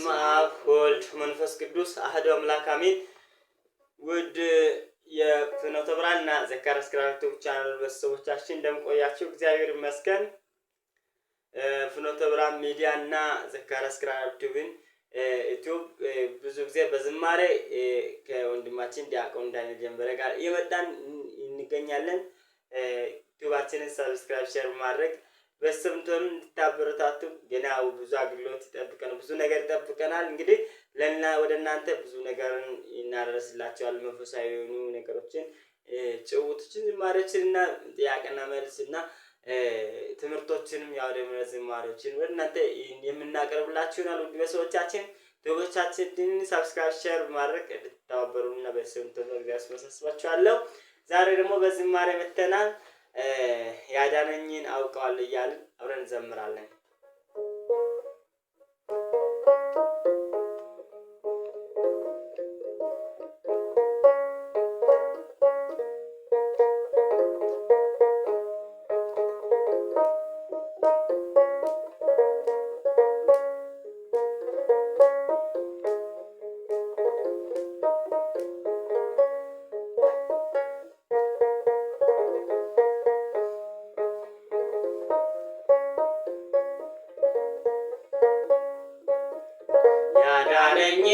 በስመ አብ ወልድ መንፈስ ቅዱስ አህዶ አምላክ አሜን። ውድ የፍኖተ ብርሃን እና ዘካርያስ ክራር ዩቱብ ቻናል ቤተሰቦቻችን እንደምቆያቸው እግዚአብሔር ይመስገን። ፍኖተ ብርሃን ሚዲያ እና ዘካርያስ ክራር ዩቱብን ዩቱብ ብዙ ጊዜ በዝማሬ ከወንድማችን ዲያቆን ዳንኤል ጀንበረ ጋር እየመጣን እንገኛለን። ዩቲዩባችንን ሰብስክራይብ ሼር ማድረግ በስምንቶኑ እንድታበረታቱ ገና ብዙ አገልግሎት ይጠብቀን፣ ብዙ ነገር ይጠብቀናል። እንግዲህ ለና ወደ እናንተ ብዙ ነገርን እናደረስላቸዋል። መንፈሳዊ የሆኑ ነገሮችን፣ ጭውቶችን፣ ዝማሬዎችን እና ጥያቄና መልስ እና ትምህርቶችንም ያው ደግሞ ዝማሬዎችን ወደ እናንተ የምናቀርብላችሁ ይሆናል። ውድ ቤተሰቦቻችን ዶቦቻችንን ሳብስክራይብ፣ ሼር በማድረግ እንድትተባበሩ እና በስምንቶኑ እግዚአብሔር ያስመሰስባችኋለሁ። ዛሬ ደግሞ በዝማሬ መተናል። ያዳነኝን አውቀዋለሁ እያልን አብረን እንዘምራለን። ነኝ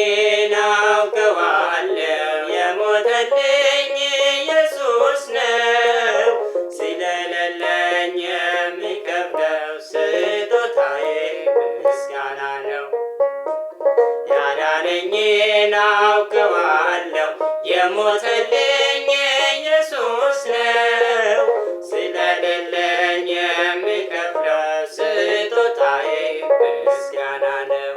ናውቀዋለው የሞተልኝ ኢየሱስ ነው ስለሌለኝ የሚከብደው ስጦታዬ ምስጋና ነው። ያዳነኝ ናውቀዋለው የሞተልኝ ኢየሱስ ነው ስለለለኝ የሚከብደው ስጦታዬ ምስጋና ነው።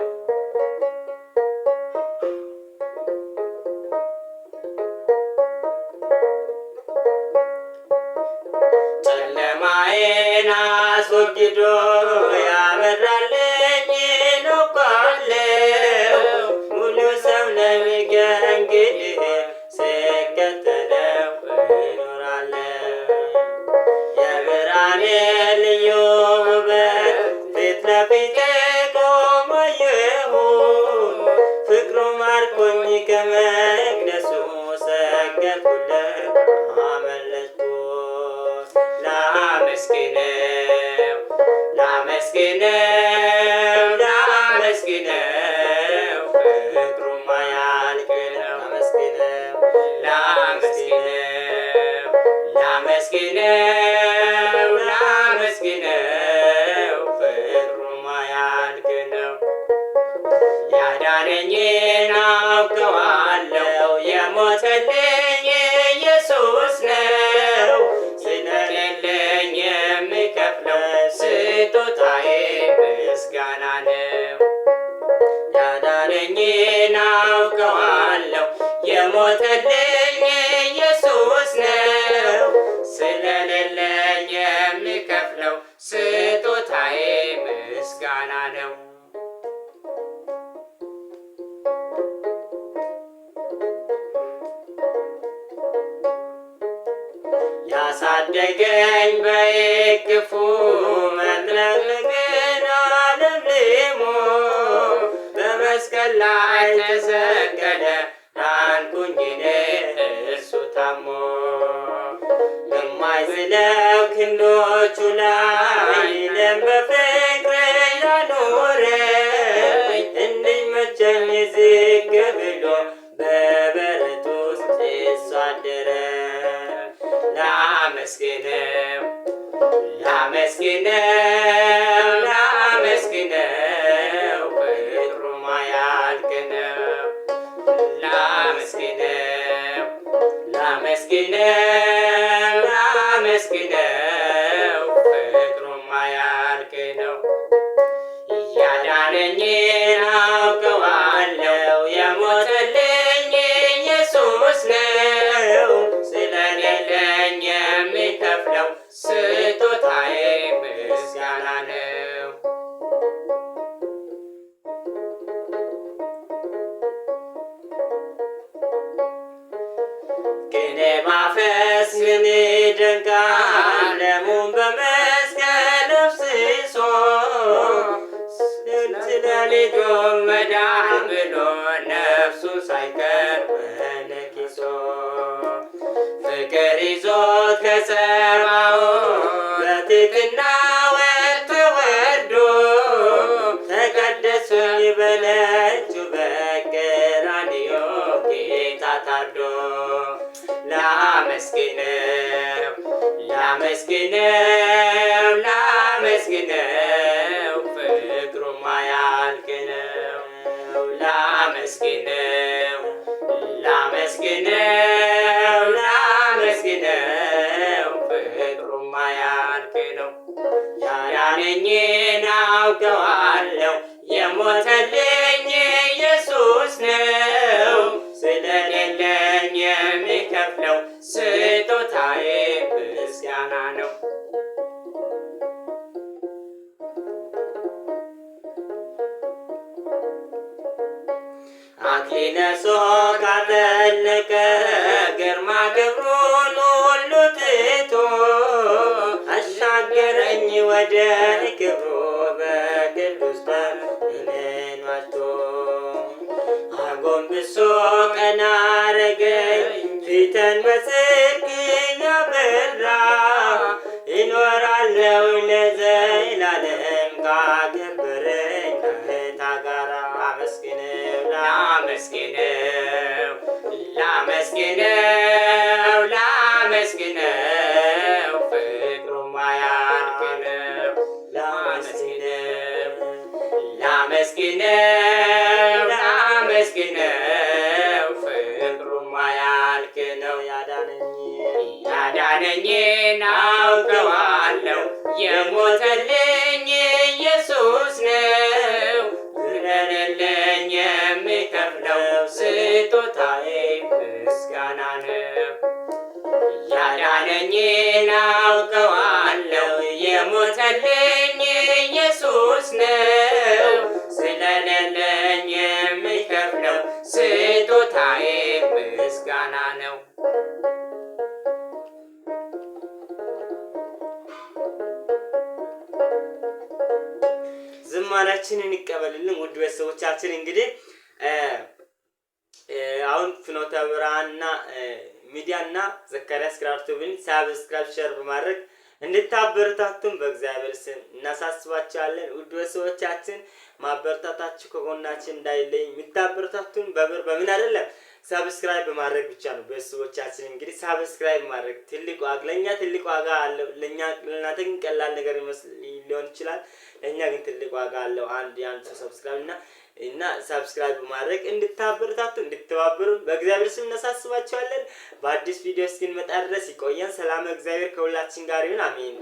ላመስግነው ላመስግነው ፍቅሩ ማያልቅ ነው። ላመስግነው ላመስግነው ማያልቅ ነው። ያዳነኝን የሞተልኝ የሞተልኝ ኢየሱስ ነው ስለሌለኝ የምከፍለው ስጦታዬ ምስጋና ነው። ያሳደገኝ በክፉ መጥለምግን አለምልሞ በመስቀል ላይ ተሰቀለ ታሞ የማይዝለው ክንዶቹ ላይ በፍቅር ያኖረ እንዲህ መቼም ብሎ በበረት ውስጥ ላመስግነው ላመስግነው Fidel, Pedro Maia. አምላክ ነው ላመስግነው ሊነሶ ካጠለቀ ግርማ ግብሩን ሁሉ ትቶ አሻገረኝ ወደ ክብሩ በቅዱስ ተምኔን ዋጅቶ አጎንብሶ ቀና አረገኝ ፊተን በጽድቅ ላመስግነው ላመስግነው ላመስግነው ፍቅሩ ማያልቅ ላመስግነው ላመስግነው ፍቅሩ ማያልቅ ነው። ያዳነኝ የሞተልኝ የሞተልኝ ኢየሱስ ነው ስለሌለኝ የሚከፍለው ስጦታዬ ምስጋና ነው። ዝማሬያችንን ይቀበልልን ውድ ቤተሰቦቻችን። እንግዲህ አሁን ፍኖተ ብርሃንና ሚዲያና ዘካርያስ ክራፍቶብን ሳብስክራይብ ሸር በማድረግ እንድታበረታቱን በእግዚአብሔር ስም እናሳስባችኋለን። ውድ ሰዎቻችን ማበረታታችሁ ከጎናችን እንዳይለኝ። የምታበረታቱን በብር በምን አይደለም ሰብስክራይብ በማድረግ ብቻ ነው። ቤተሰቦቻችን እንግዲህ ሰብስክራይብ ማድረግ ትልቅ ዋጋ ለእኛ ትልቅ ዋጋ አለው። ለእኛ ለእናንተ ግን ቀላል ነገር ሊሆን ይችላል፣ ለእኛ ግን ትልቅ ዋጋ አለው። አንድ የአንድ ሰው ሰብስክራይብ እና እና ሰብስክራይብ ማድረግ እንድታበረታቱ እንድተባበሩ በእግዚአብሔር ስም እናሳስባቸዋለን። በአዲስ ቪዲዮ እስክንመጣ ድረስ ይቆየን። ሰላም እግዚአብሔር ከሁላችን ጋር ይሁን። አሜን።